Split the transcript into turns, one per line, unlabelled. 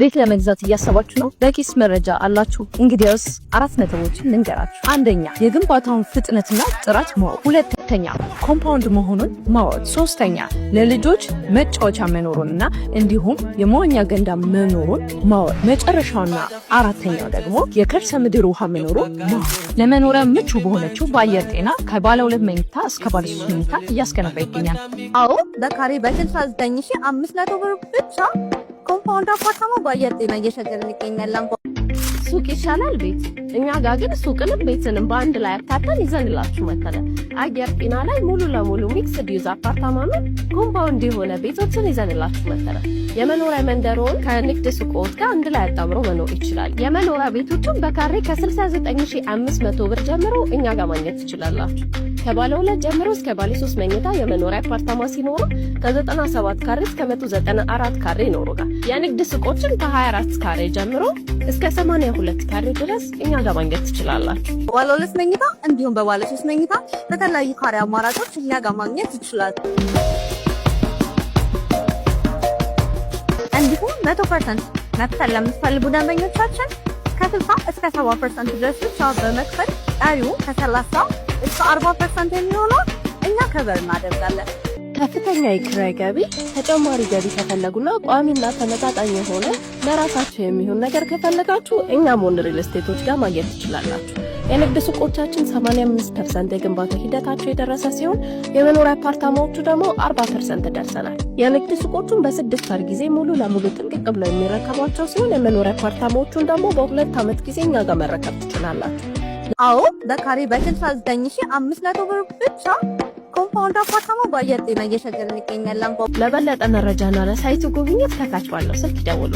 ቤት ለመግዛት እያሰባችሁ ነው? በቂስ መረጃ አላችሁ? እንግዲያውስ አራት ነጥቦችን ልንገራችሁ። አንደኛ የግንባታውን ፍጥነትና ጥራት ማወቅ፣ ሁለተኛ ኮምፓውንድ መሆኑን ማወቅ፣ ሶስተኛ ለልጆች መጫወቻ መኖሩንና እንዲሁም የመዋኛ ገንዳ መኖሩን ማወቅ፣ መጨረሻውና አራተኛው ደግሞ የከርሰ ምድር ውሃ መኖሩ ማወቅ። ለመኖሪያ ምቹ በሆነችው በአየር ጤና ከባለ ሁለት መኝታ እስከ ባለ ሶስት መኝታ እያስገነባ ይገኛል።
አዎ በካሬ በ69 ሺህ 500 ብር ብቻ compound dapat na mabayad din ang sa ganito na lang po.
ሱቅ ይሻላል ቤት። እኛ ጋር ግን ሱቅንም ቤትንም በአንድ ላይ አካተን ይዘንላችሁ መተለ አየር ጤና ላይ ሙሉ ለሙሉ ሚክስድ ዩዝ አፓርታማም ኮምፓውንድ የሆነ ቤቶችን ይዘንላችሁ መተለ የመኖሪያ መንደሮን ከንግድ ሱቆች ጋር አንድ ላይ አጣምሮ መኖር ይችላል። የመኖሪያ ቤቶችን በካሬ ከ69500 ብር ጀምሮ እኛ ጋር ማግኘት ትችላላችሁ። ከባለ ሁለት ጀምሮ እስከ ባለ ሶስት መኝታ የመኖሪያ አፓርታማ ሲኖሩ ከ97 ካሬ እስከ 194 ካሬ ይኖሩናል። የንግድ ሱቆችን ከ24 ካሬ ጀምሮ እስከ 8 ሁለት ካሬ ድረስ እኛ ጋር ማግኘት ትችላላችሁ።
በባለ ሁለት መኝታ እንዲሁም በባለ ሶስት መኝታ በተለያዩ ካሬ አማራጮች እኛ ጋር ማግኘት ይችላሉ። እንዲሁም መቶ ፐርሰንት መክፈል ለምትፈልጉ ደንበኞቻችን ከስልሳ እስከ ሰባ ፐርሰንት ድረስ ብቻ በመክፈል ቀሪው ከሰላሳ እስከ አርባ ፐርሰንት የሚሆነው እኛ ከበር እናደርጋለን።
ከፍተኛ የክራይ ገቢ፣ ተጨማሪ ገቢ ከፈለጉና ቋሚና ተመጣጣኝ የሆነ ለራሳቸው የሚሆን ነገር ከፈለጋችሁ እኛ ሞን ሪል ስቴቶች ጋር ማግኘት ትችላላችሁ። የንግድ ሱቆቻችን 85 ፐርሰንት የግንባታ ሂደታቸው የደረሰ ሲሆን የመኖሪያ አፓርታማዎቹ ደግሞ 40 ፐርሰንት ደርሰናል። የንግድ ሱቆቹን በስድስት ወር ጊዜ ሙሉ ለሙሉ ጥንቅቅ ብለው የሚረከቧቸው ሲሆን የመኖሪያ አፓርታማዎቹን ደግሞ በሁለት ዓመት ጊዜ እኛ ጋር መረከብ ትችላላችሁ።
አዎ በካሬ በ69,500 ብር ብቻ ኮምፓውንድ አፓርታማ በአየር ጤና እየሸገርን ይገኛለን።
ለበለጠ መረጃና ለሳይቱ ጉብኝት ከታች ባለው ስልክ ይደውሉ።